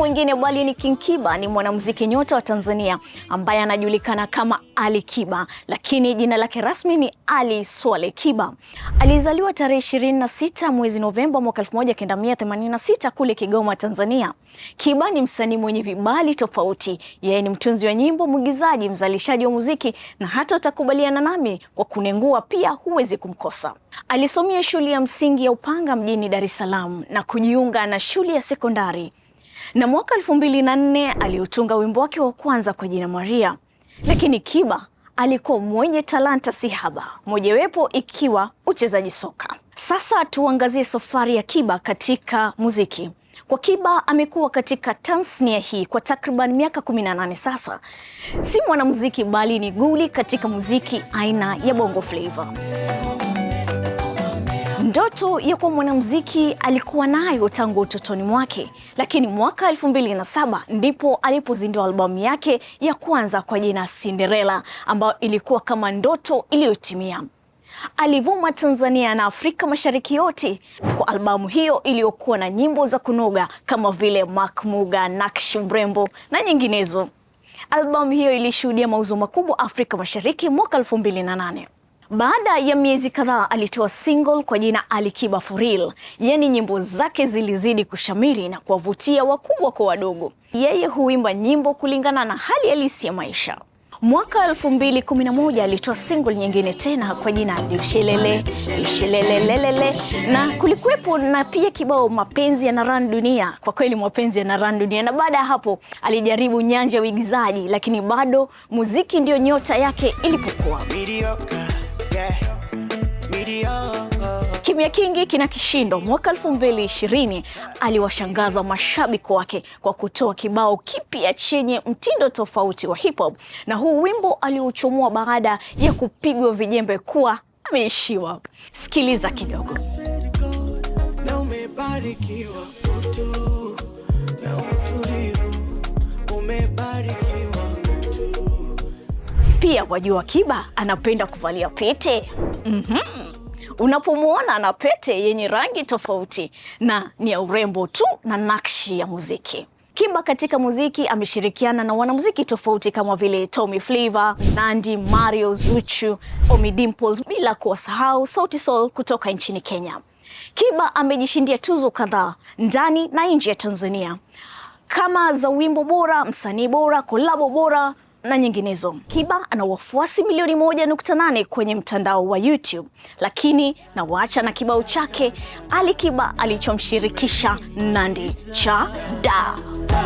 mwingine bali ni King Kiba ni mwanamuziki nyota wa Tanzania ambaye anajulikana kama Ali Kiba, lakini jina lake rasmi ni Ali Swale Kiba. Alizaliwa tarehe 26 mwezi Novemba mwaka 1986 kule Kigoma, Tanzania. Kiba ni msanii mwenye vibali tofauti. Yeye ni mtunzi wa nyimbo, mwigizaji, mzalishaji wa muziki na hata utakubaliana nami kwa kunengua pia huwezi kumkosa. Alisomea shule ya msingi ya Upanga mjini Dar es Salaam na kujiunga na shule ya sekondari na mwaka elfu mbili na nne aliutunga wimbo wake wa kwanza kwa jina Maria. Lakini Kiba alikuwa mwenye talanta si haba, mojawapo ikiwa uchezaji soka. Sasa tuangazie safari ya Kiba katika muziki. Kwa Kiba amekuwa katika tasnia hii kwa takriban miaka 18 sasa. Si mwanamuziki bali ni guli katika muziki aina ya Bongo Flava. Ndoto ya kuwa mwanamuziki alikuwa nayo tangu utotoni mwake, lakini mwaka 2007 ndipo alipozindua albamu yake ya kwanza kwa jina Cinderella, ambayo ilikuwa kama ndoto iliyotimia. Alivuma Tanzania na Afrika Mashariki yote kwa albamu hiyo iliyokuwa na nyimbo za kunoga kama vile Makmuga, Nakshi Mrembo na nyinginezo. Albamu hiyo ilishuhudia mauzo makubwa Afrika Mashariki mwaka 2008. Baada ya miezi kadhaa alitoa single kwa jina Alikiba For Real, yaani nyimbo zake zilizidi kushamiri na kuwavutia wakubwa kwa wadogo. Yeye huimba nyimbo kulingana na hali halisi ya maisha. Mwaka 2011 alitoa single nyingine tena kwa jina Dushelele Dishelelelelele, na kulikuwepo na pia kibao mapenzi yanaran dunia. Kwa kweli mapenzi yanaran dunia. Na baada ya hapo alijaribu nyanja ya uigizaji, lakini bado muziki ndio nyota yake ilipokuwa. Kimya kingi kina kishindo. Mwaka 2020 aliwashangaza mashabiki wake kwa kutoa kibao kipya chenye mtindo tofauti wa hip hop, na huu wimbo aliochomoa baada ya kupigwa vijembe kuwa ameishiwa. Sikiliza kidogo. Pia wajua Kiba anapenda kuvalia pete. mm -hmm. Unapomwona ana pete yenye rangi tofauti na ni ya urembo tu na nakshi ya muziki. Kiba katika muziki ameshirikiana na wanamuziki tofauti kama vile Tommy Flavour, nandi Mario, Zuchu, Omy Dimples, bila kuwasahau Sauti Sol kutoka nchini Kenya. Kiba amejishindia tuzo kadhaa ndani na nje ya Tanzania kama za wimbo bora, msanii bora, kolabo bora na nyinginezo. Kiba ana wafuasi milioni moja nukta nane kwenye mtandao wa YouTube, lakini na na kibao chake Ali Kiba alichomshirikisha Nandi cha da